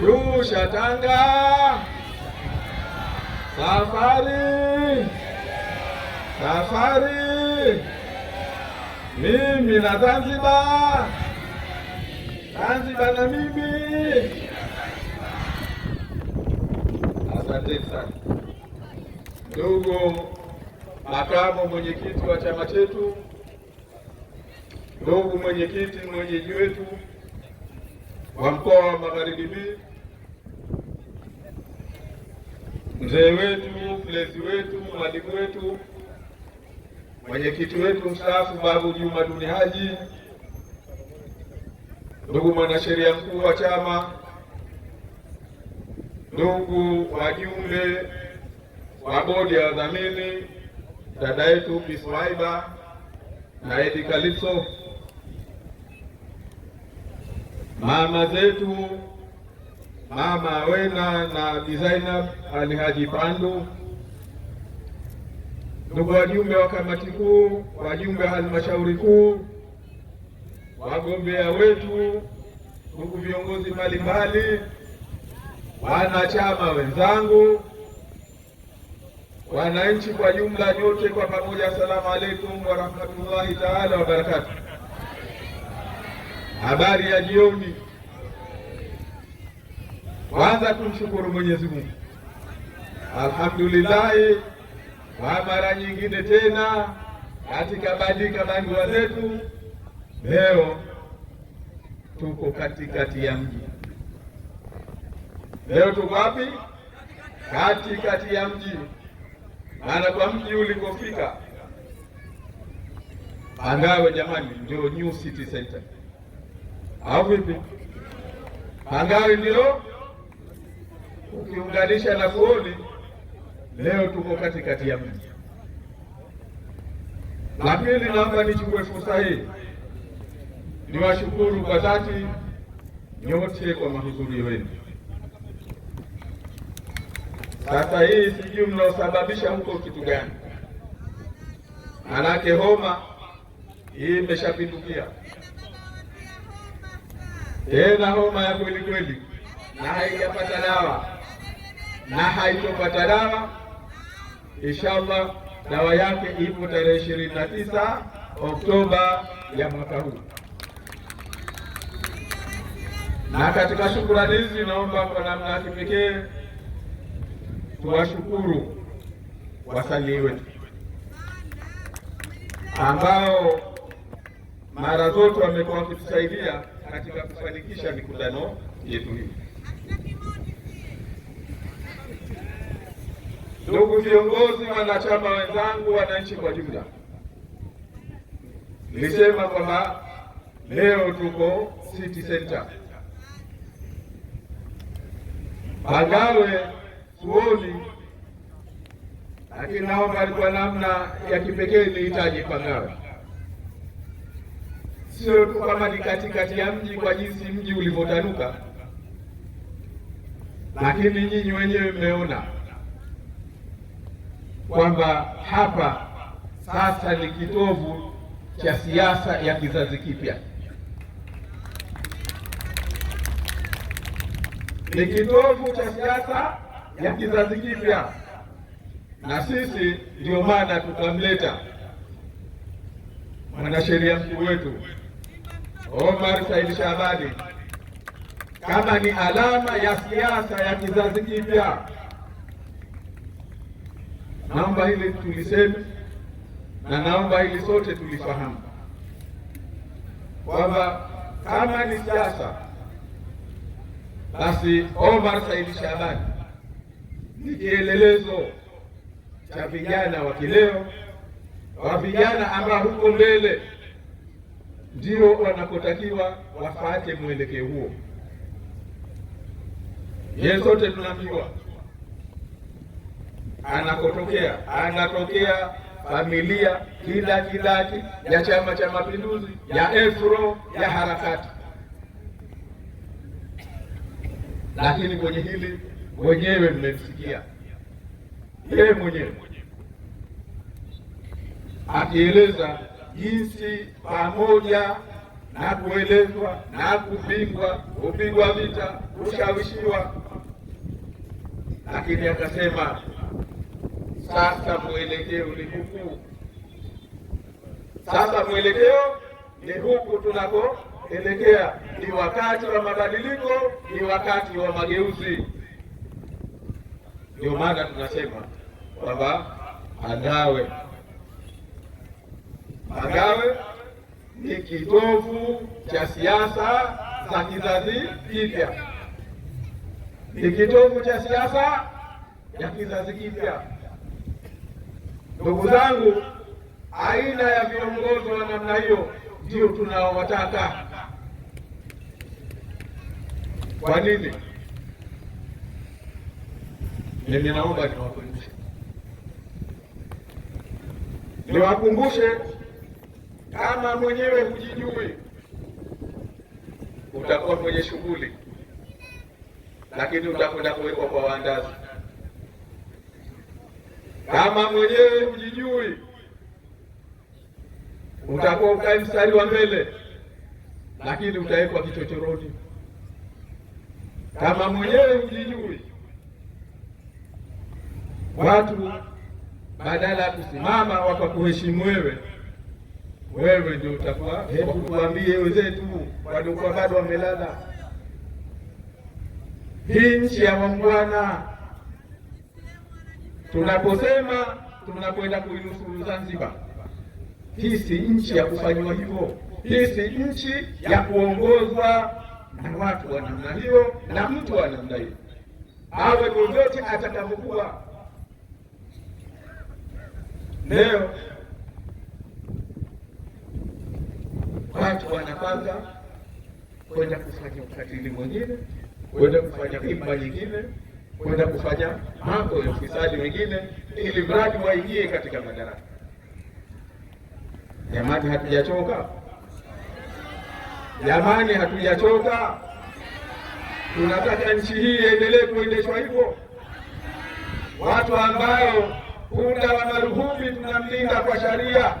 shusha tanga, safari safari, mimi na Zanzibar, Zanzibar na mimi. Asante sana ndugu makamu mwenyekiti wa chama chetu, ndugu mwenyekiti mwenyeji wetu wa mkoa wa Magharibi B mzee wetu, mlezi wetu, mwalimu wetu, mwenyekiti wetu mstaafu Babu Juma Duni Haji, ndugu mwanasheria mkuu wa chama, ndugu wajumbe wa bodi ya wadhamini, dada yetu Biswaiba na Edi Kaliso, mama zetu Mama Awena na Bi Zainab Ali Haji Pandu, ndugu wajumbe wa kamati kuu, wajumbe wa halmashauri kuu, wagombea wetu, ndugu viongozi mbalimbali, wanachama wenzangu, wananchi kwa jumla, nyote kwa pamoja, asalamu alaikum warahmatullahi taala wabarakatu. Habari ya jioni. Kwanza tumshukuru Mwenyezi Mungu, alhamdulillahi. Kwa mara nyingine tena katika badika bandua zetu, leo tuko katikati ya mji. Leo tuko wapi? Katikati ya mji, maana kwa mji ulikofika Pangawe jamani, ndio new city center au vipi? Pangawe ndio ukiunganisha na Kuoni, leo tuko katikati ya mji. La pili, naomba nichukue fursa hii niwashukuru kwa dhati nyote kwa mahudhurio yenu. Sasa hii sijui mnaosababisha huko kitu gani? Manake homa hii imeshapindukia tena, homa ya kweli kweli, na haijapata dawa na haitopata dawa. Inshallah, dawa yake ipo tarehe ishirini na tisa Oktoba ya mwaka huu. Na katika shukrani hizi, naomba kwa namna ya kipekee tuwashukuru wasanii wetu ambao mara zote wamekuwa wakitusaidia katika kufanikisha mikutano yetu hii. Ndugu viongozi, wanachama wenzangu, wananchi kwa jumla, nilisema kwamba leo tuko city center. Bangawe tuoni, lakini naomba alikuwa namna ya kipekee nilihitaji Pangawe, sio tu kama ni katikati ya mji kwa jinsi mji ulivyotanuka, lakini nyinyi wenyewe mmeona kwamba hapa sasa ni kitovu cha siasa ya kizazi kipya, ni kitovu cha siasa ya kizazi kipya, na sisi ndio maana tukamleta mwanasheria mkuu wetu Omar Said Shabani kama ni alama ya siasa ya kizazi kipya. Naomba hili tuliseme na naomba hili sote tulifahamu kwamba kama ni siasa, basi Omar Said Shabani ni kielelezo cha vijana wa kileo, wa vijana ambao huko mbele ndio wanakotakiwa wafate mwelekeo huo. Yeye sote tunamjua anakotokea anatokea familia kila kidachi ya Chama cha Mapinduzi, ya EFRO, ya harakati. Lakini kwenye hili wenyewe mmemsikia yeye mwenyewe akieleza jinsi pamoja na kuelezwa na kupingwa, kupigwa vita, kushawishiwa, lakini akasema sasa mwelekeo ni huku, sasa mwelekeo ni huku tunakoelekea. Ni wakati wa mabadiliko, ni wakati wa mageuzi. Ndio maana tunasema kwamba Angawe, Angawe ni kitovu cha siasa za kizazi kipya, ni kitovu cha siasa ya kizazi kipya. Ndugu zangu, aina ya viongozi wa namna hiyo ndio tunaowataka. Kwa nini? Mimi naomba niwakumbushe, niwakumbushe kama mwenyewe hujijui, utakuwa mwenye shughuli, lakini utakwenda kuwekwa kwa waandazi. Kama mwenyewe ujijui utakuwa ukai mstari wa mbele, lakini utawekwa kichochoroni. Kama mwenyewe hujijui, watu badala ya kusimama wakakuheshimu wewe, wewe ndio utakuwa. Hebu tuambie wenzetu waliokuwa bado wamelala, hii nchi ya wangwana Tunaposema tunakwenda kuinusuru Zanzibar, hii si nchi ya kufanywa hivyo. Hii si nchi ya kuongozwa na watu wa namna hiyo na mtu wa namna hiyo, awe vyovyote atakapokuwa. Leo watu wanapanga kwenda kufanya ukatili mwingine, kwenda kufanya imba nyingine kwenda kufanya mambo ya ufisadi wengine, ili mradi waingie katika madaraka. Jamani, hatujachoka jamani, hatujachoka. Tunataka nchi hii iendelee kuendeshwa hivyo. Watu ambao punda wa marhumi tunamlinda kwa sharia,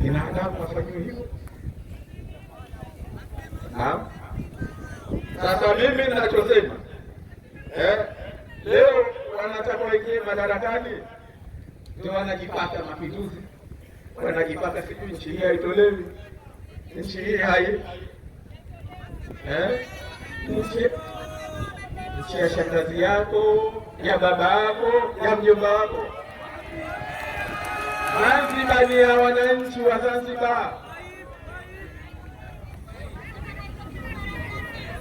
binadamu wafanyiwe hivyo. Naam. Sasa mimi ninachosema eh, leo wanataka waingie madarakani ndio wanajipata mapinduzi, wanajipata siku nchi hii haitolewi, nchi hii hai eh, nchi nchi ya shangazi yako ya baba yako ya mjomba wako. Zanzibar ni ya wananchi wa Zanzibar.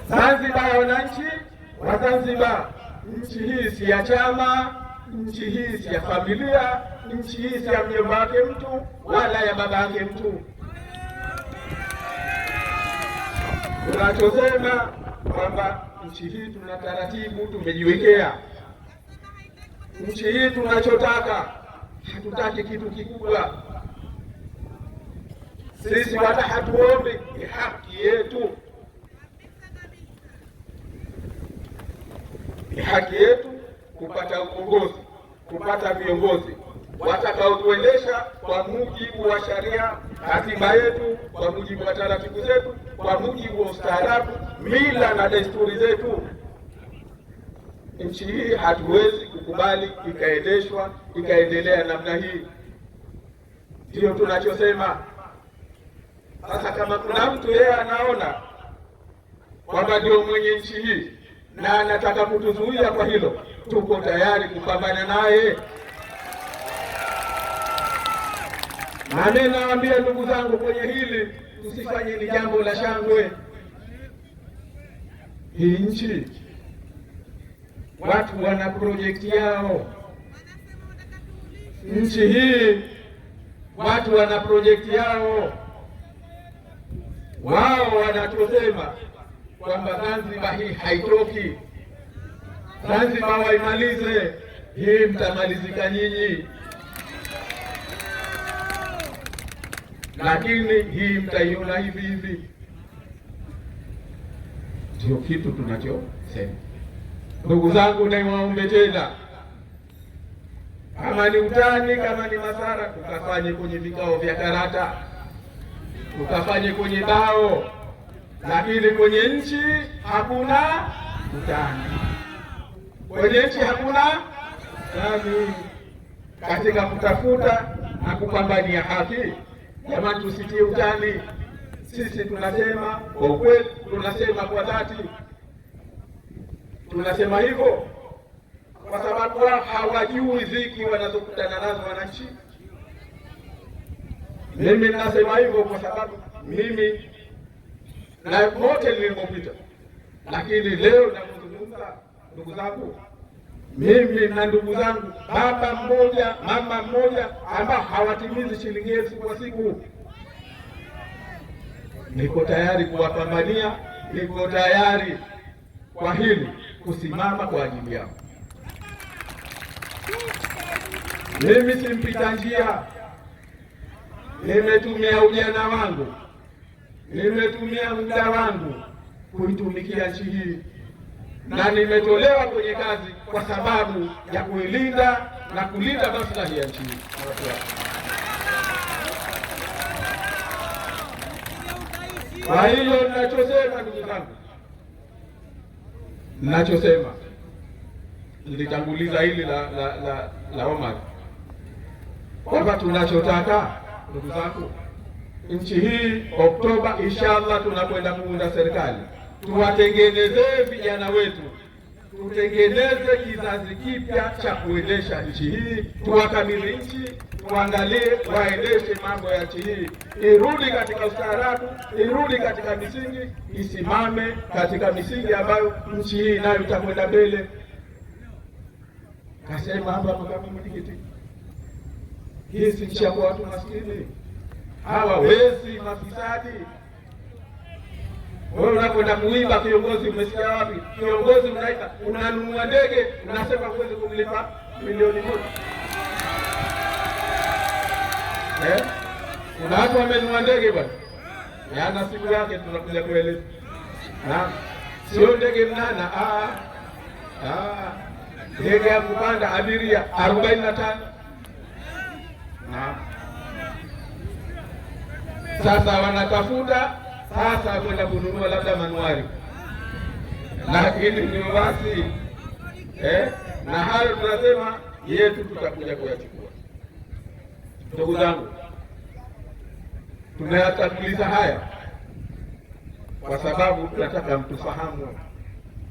Zanzibar ya wananchi wa Zanzibar. Nchi hii si ya chama, nchi hii si ya familia, nchi hii si ya mjomba wake mtu wala ya baba yake mtu. Tunachosema kwamba nchi hii tuna taratibu tumejiwekea. Nchi hii tunachotaka, hatutaki kitu kikubwa. Sisi wala hatuombe, ni haki yetu. Ni haki yetu kupata uongozi, kupata viongozi watakaotuendesha kwa mujibu wa sheria, katiba yetu, kwa mujibu wa taratibu zetu, kwa mujibu wa ustaarabu, mila na desturi zetu. Nchi hii hatuwezi kukubali ikaendeshwa ikaendelea namna hii, ndiyo tunachosema. Sasa kama kuna mtu yeye anaona kwamba ndio mwenye nchi hii na anataka kutuzuia kwa hilo, tuko tayari kupambana naye. Nami nawaambia ndugu zangu, kwenye hili tusifanye ni jambo la shangwe. Hii nchi watu wana projekti yao, nchi hii watu wana projekti yao, wao wanatosema kwamba Zanzibar hii haitoki, Zanzibar waimalize hii, mtamalizika nyinyi, lakini hii mtaiona hivi hivi. Ndio kitu tunachosema, ndugu zangu, naiwaombe tena kama ni utani, kama ni masara, tukafanye kwenye vikao vya karata, tukafanye kwenye bao lakini kwenye nchi hakuna utani, kwenye nchi hakuna utani. Katika kutafuta na kupambania haki, jamani, tusitie utani. Sisi tunasema kwa ukweli, tunasema kwa dhati, tunasema hivyo kwa sababu wao hawajui dhiki wanazokutana nazo wananchi. Mimi nasema hivyo kwa sababu mimi na wote nilipopita, lakini leo nakuzungumza, ndugu zangu, mimi na ndugu zangu, baba mmoja mama mmoja, ambao hawatimizi shilingi elfu kwa siku, niko tayari kuwapambania, niko tayari kwa hili kusimama kwa ajili yao. Mimi simpita njia, nimetumia ujana wangu nimetumia muda wangu kuitumikia nchi hii na nimetolewa kwenye kazi kwa sababu ya kuilinda na kulinda maslahi ya nchi hii. Kwa hiyo ninachosema, ndugu zangu, ninachosema nilitanguliza hili la la la, la Omar kwamba tunachotaka ndugu zangu nchi hii Oktoba inshallah tunakwenda kuunda serikali. Tuwatengenezee vijana wetu, tutengeneze kizazi kipya cha kuendesha nchi hii, tuwakamili nchi, tuangalie waendeshe mambo ya nchi hii, irudi katika ustaarabu, irudi katika misingi, isimame katika misingi ambayo nchi hii nayo itakwenda mbele. Kasema hapa makamu mwenyekiti, hii si nchi ya watu maskini hawawezi mafisadi. Wewe unakwenda kuiba kiongozi, umesikia wapi? Kiongozi unaita unanunua ndege, unasema huwezi kumlipa milioni moja eh? Kuna watu wamenunua ndege bwana, yana siku yake, tunakuja kueleza. Sio ndege mnana, ah, ah. ndege ya kupanda abiria arobaini na tano. Sasa wanatafuta sasa kwenda kununua labda manuari, lakini ni basi eh, na hayo tunasema yetu tutakuja kuyachukua. Ndugu zangu, tunayatanguliza haya kwa sababu tunataka mtufahamu.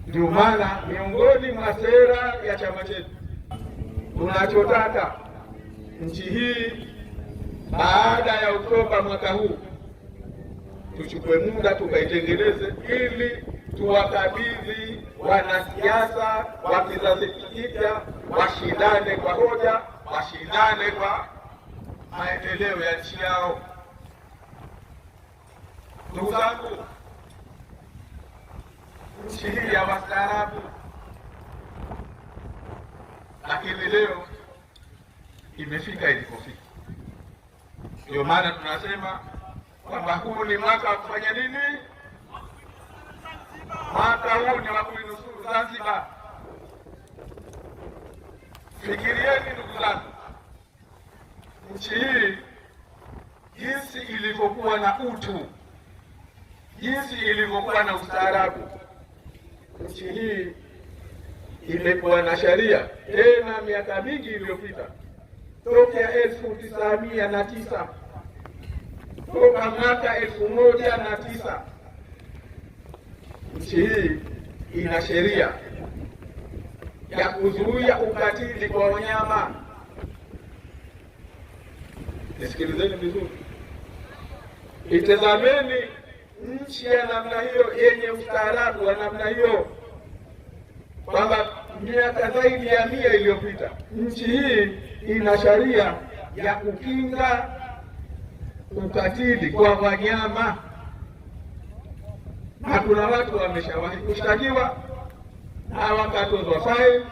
Ndio maana miongoni mwa sera ya chama chetu tunachotaka nchi hii baada ya Oktoba mwaka huu tuchukue muda tukaitengeneze, ili tuwakabidhi wanasiasa wa kizazi kipya, washindane kwa hoja, washindane kwa maendeleo ya nchi yao. Ndugu zangu, nchi hii ya wastaarabu, lakini leo imefika ilipofika. Ndio maana tunasema kwamba huu ni mwaka wa kufanya nini? Mwaka huu ni wa kuinusuru Zanzibar. Fikirieni ndugu zangu, nchi hii jinsi ilivyokuwa na utu, jinsi ilivyokuwa na ustaarabu, nchi hii imekuwa na sharia tena miaka mingi iliyopita tokea elfu tisa mia na tisa toka mwaka elfu moja na tisa nchi hii ina sheria ya kuzuia ukatili kwa wanyama. Nisikilizeni vizuri, itazameni nchi ya namna hiyo yenye ustaarabu wa namna hiyo kwamba miaka zaidi ya mia iliyopita, nchi hii ina sheria ya kukinga ukatili kwa wanyama, na kuna watu wameshawahi kushtakiwa na wakatozwa faini,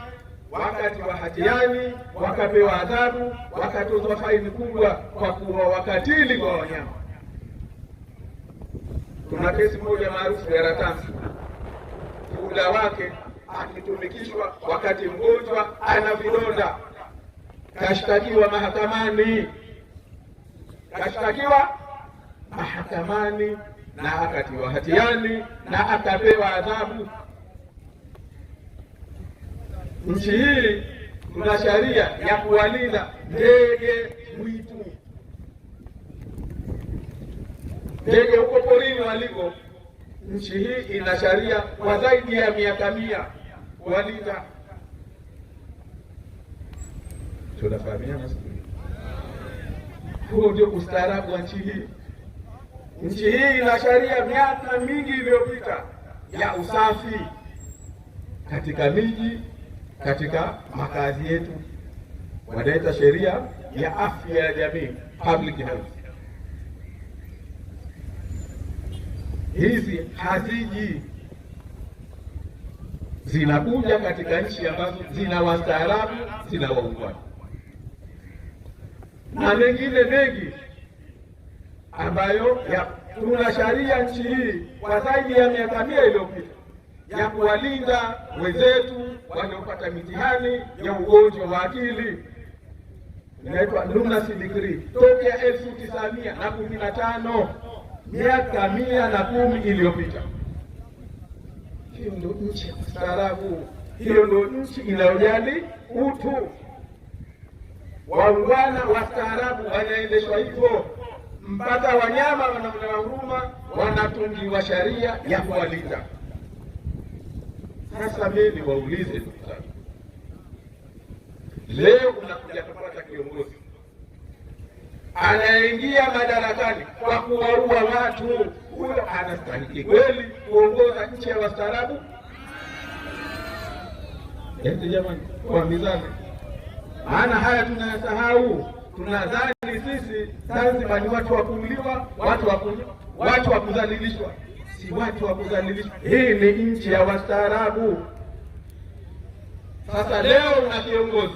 wa hatiani, wakapewa adhabu, wakatozwa faini kubwa kwa kuwa wakatili kwa wanyama. Kuna kesi moja maarufu ya Ratansi, muda wake akitumikishwa wakati mgonjwa ana vidonda, kashtakiwa mahakamani, kashtakiwa mahakamani na akatiwa hatiani na akapewa adhabu. Nchi hii kuna sheria ya kuwalinda ndege mwitu, ndege huko porini waliko. Nchi hii ina sheria kwa zaidi ya miaka mia walida, tunafahamiana. Huo ndio ustaarabu wa nchi hii. Nchi hii ina sheria miaka mingi iliyopita ya usafi katika miji, katika makazi yetu, wanaita sheria ya afya ya jamii, public health. Hizi haziji zinakuja katika nchi ambazo zina wastaarabu, zina waungwana na mengine mengi ambayo tuna sharia nchi hii kwa zaidi ya miaka mia iliyopita ya kuwalinda wenzetu waliopata mitihani ya ugonjwa wa akili inaitwa Lunacy Decree tokea elfu tisa mia na kumi na tano miaka mia na kumi iliyopita hiyo ndio nchi ya ustaarabu, hiyo ndio nchi inayojali utu. Waungwana wastaarabu wanaendeshwa hivyo, mpaka wanyama wanaonewa huruma, wanatungiwa sheria ya kuwalinda. Sasa mimi waulize leo unakuja kupata kiongozi anaingia madarakani kwa kuwaua watu huyo anastahili kweli kuongoza nchi ya wastaarabu? Eti jamani, kuambizana. Maana haya tunayasahau, tunadhani sisi Zanzibar ni watu wa kuuliwa, watu wa watu wa kudhalilishwa. Si watu wa kudhalilishwa, hii ni nchi ya wastaarabu. Sasa leo una kiongozi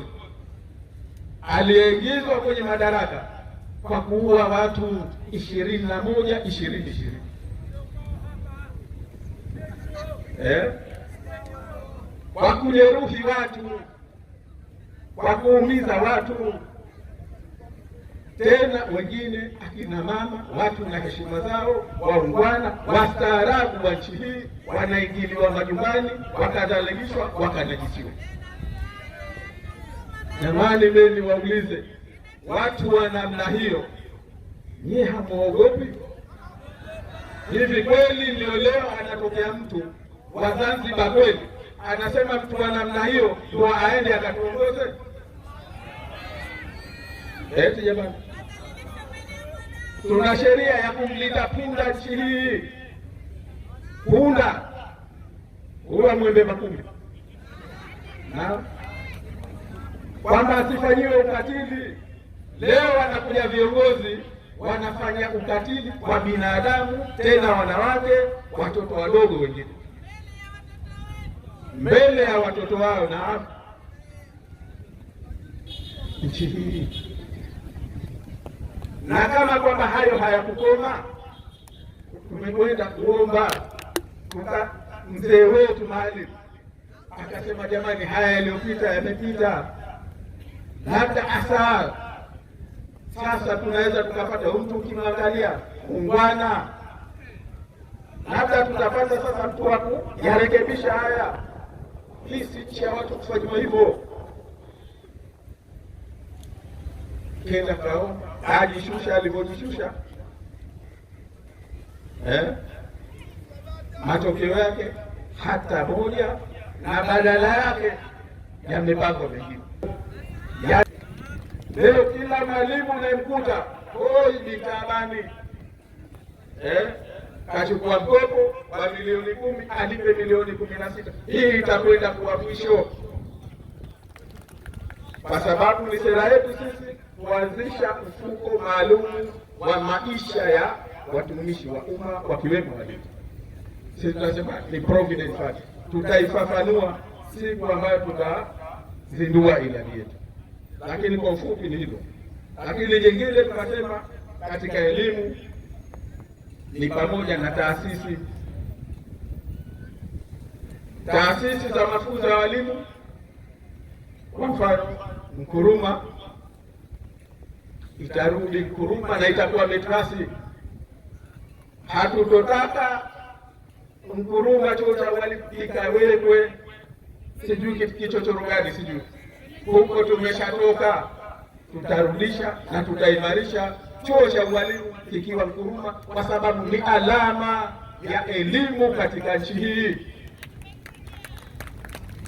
aliyeingizwa kwenye madaraka kwa kuua watu ishirini na moja ishirini ishirini eh, kwa kujeruhi watu, kwa kuumiza watu, tena wengine akina mama, watu na heshima zao, waungwana, wastaarabu wa nchi hii, wanaingiliwa majumbani, wakadhalilishwa, wakanajisiwa. Jamani, mimi niwaulize watu wa namna hiyo, nyie hamwogopi hivi kweli? Ndio leo anatokea mtu wa Zanzibar kweli anasema mtu wa namna hiyo ndio aende akatuongoze? Eti jamani, tuna sheria ya kumlinda punda nchi hii. Punda huwa mwembe makumi na kwamba asifanyiwe ukatili. Leo wanakuja viongozi wanafanya ukatili kwa binadamu, tena wanawake, watoto wadogo wengine mbele ya watoto wao na nchi hii, na kama kwamba hayo hayakukoma, tumekwenda kuomba kuka mzee wetu Maalim akasema, jamani, haya yaliyopita yamepita, labda asa sasa tunaweza tukapata mtu, ukimwangalia ungwana, labda tutapata sasa mtu wa kuyarekebisha haya. Hii si nchi ya watu kufanyiwa hivyo. Kenda Brown ajishusha alivyojishusha, eh? matokeo yake hata moja, na badala yake yamepangwa mengine. Leo kila mwalimu unayemkuta hoi ni taabani, eh? kachukua mkopo wa milioni kumi alipe milioni kumi na sita Hii itakwenda kuwa mwisho, kwa sababu ni sera yetu sisi kuanzisha mfuko maalum wa maisha ya watumishi wa umma wakiwemo walimu. Sisi tunasema ni provident fund, tutaifafanua siku ambayo tutazindua ilani yetu, lakini kwa ufupi ni hivyo. Lakini jingine tunasema katika elimu ni pamoja na taasisi taasisi za mafunzo ya walimu, kwa mfano Nkuruma itarudi Nkuruma na itakuwa Metrasi. Hatutotaka Nkuruma chuo cha walimu kikawekwe sijui gani sijui huko, tumeshatoka tutarudisha na tutaimarisha chuo cha ualimu kikiwa Nkuruma kwa sababu ni alama ya elimu katika nchi hii,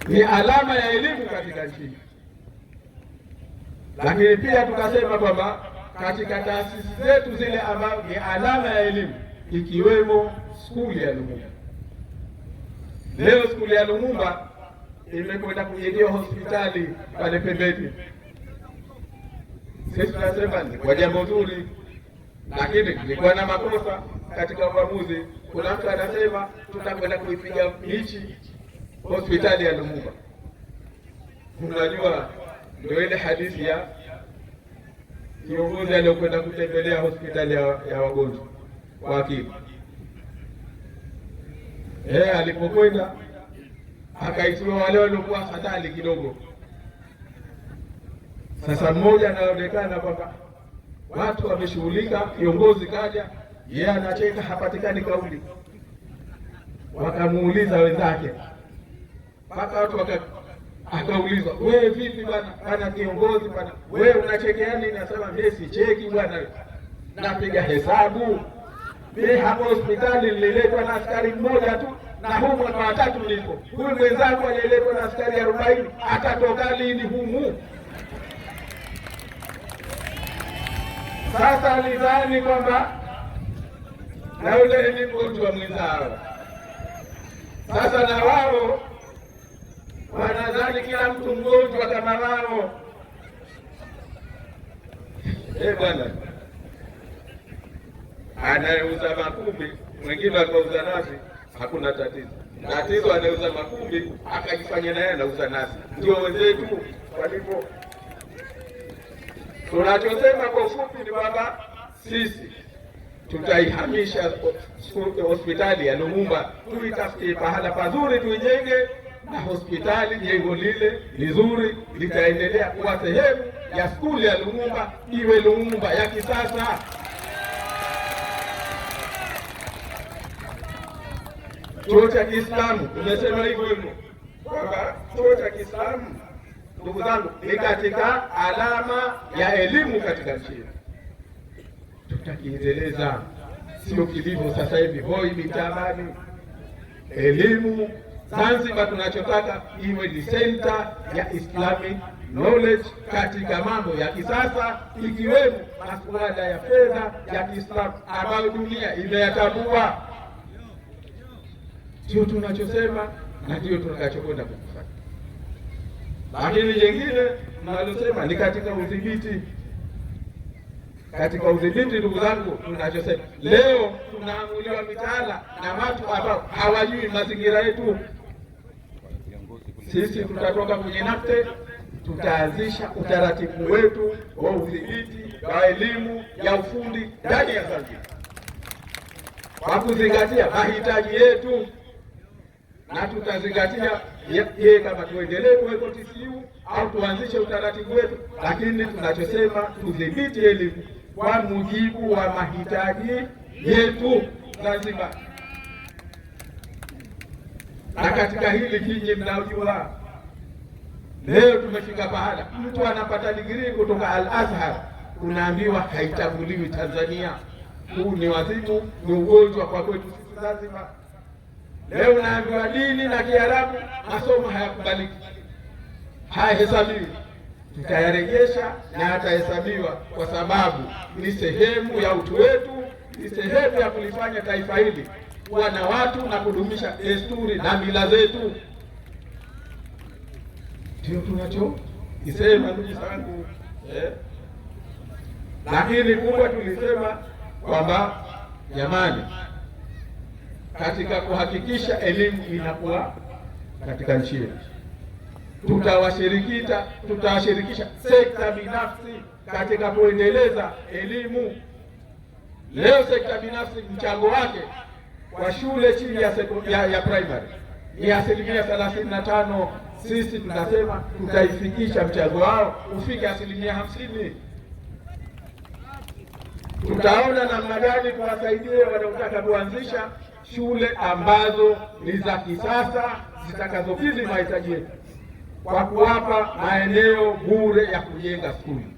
ni alama ya elimu katika nchi hii. Lakini pia tukasema kwamba katika taasisi zetu zile ambazo ni alama ya elimu ikiwemo skuli ya Lumumba. Leo skuli ya Lumumba imekwenda kujengewa hospitali pale pembeni. Sisi tunasema ni kwa jambo zuri, lakini nilikuwa na makosa katika uamuzi. Kuna mtu anasema tutakwenda kuipiga michi hospitali ya Lumumba. Unajua, ndio ile hadithi ya kiongozi aliyokwenda kutembelea hospitali ya, ya wagonjwa kwa akili. Eh, alipokwenda akaitiwa wale waliokuwa fadhali kidogo sasa mmoja anaonekana kwamba watu wameshughulika, kiongozi kaja, yeye yeah, anacheka, hapatikani kauli. Wakamuuliza wenzake mpaka watu waka akaulizwa wewe vipi bwana, bwana kiongozi bwana, wewe unachekea nini? Nasema mimi sicheki bwana, napiga hesabu mimi. Hapo hospitali nililetwa na askari mmoja tu, na humu mwaka watatu niko huyu mwenzangu aliletwa na askari arobaini atatoka lini humu? Sasa alidhani kwamba na yule ni mgonjwa wa mwenzao. Sasa na wao wanadhani kila mtu mgonjwa kama wao. Eh, bwana anayeuza makumbi mwingine akauza nasi, hakuna tatizo. Tatizo anayeuza makumbi akajifanya naye anauza nasi, ndio wenzetu walipo. Tunachosema kwa ufupi ni kwamba sisi tutaihamisha hospitali ya Lumumba, tuitafute pahala pazuri, tuijenge na hospitali jengo lile lizuri litaendelea kuwa sehemu ya skuli ya Lumumba, iwe Lumumba ya kisasa. Chuo cha Kiislamu tumesema hivyo hivyo kwamba chuo cha Kiislamu ndugu zangu, ni katika alama ya elimu katika nchi yetu. Tutakiendeleza, sio kilivyo sasa hivi hoi mitabani. Elimu Zanzibar tunachotaka iwe ni center ya Islamic knowledge katika mambo ya kisasa ikiwemo masuala ya fedha ya Kiislamu ambayo dunia imeyatambua. Ndio tunachosema na ndio tutakachokwenda. Lakini jengine mnalosema ni katika udhibiti. Katika udhibiti, ndugu zangu, tunachosema leo tunaamuliwa mitaala na watu ambao hawajui mazingira yetu. Sisi tutatoka kwenye nafte tutaanzisha utaratibu wetu wa udhibiti wa elimu ya ufundi ndani ya Zanzibar kwa kuzingatia mahitaji yetu na tutazingatia yeye kama tuendelee kuweko TCU au tuanzishe utaratibu wetu, lakini tunachosema tudhibiti elimu kwa mujibu wa mahitaji yetu Zanzibar. Na katika hili kinyi mnaojua, leo tumefika pahala mtu anapata digrii kutoka Al Azhar unaambiwa haitambuliwi Tanzania. Huu ni wazimu, ni ugonjwa kwa kwetu sisi Zanzibar. Leo naambiwa dini na Kiarabu masomo hayakubaliki, hayahesabiwi. Tutayarejesha na yatahesabiwa, kwa sababu ni sehemu ya utu wetu, ni sehemu ya kulifanya taifa hili kuwa na watu na kudumisha desturi na mila zetu. Ndio isema ndugu zangu eh. Lakini kubwa tulisema kwamba jamani katika kuhakikisha elimu inakuwa katika nchi yetu. Tutawashirikisha, tutawashirikisha sekta binafsi katika kuendeleza elimu. Leo sekta binafsi mchango wake kwa shule chini ya, ya, ya primary ni asilimia thelathini na tano. Sisi tunasema tutaifikisha mchango wao ufike asilimia hamsini. Tutaona namna gani tuwasaidie wanaotaka kuanzisha shule ambazo ni za kisasa zitakazokidhi mahitaji yetu kwa kuwapa maeneo bure ya kujenga skuli.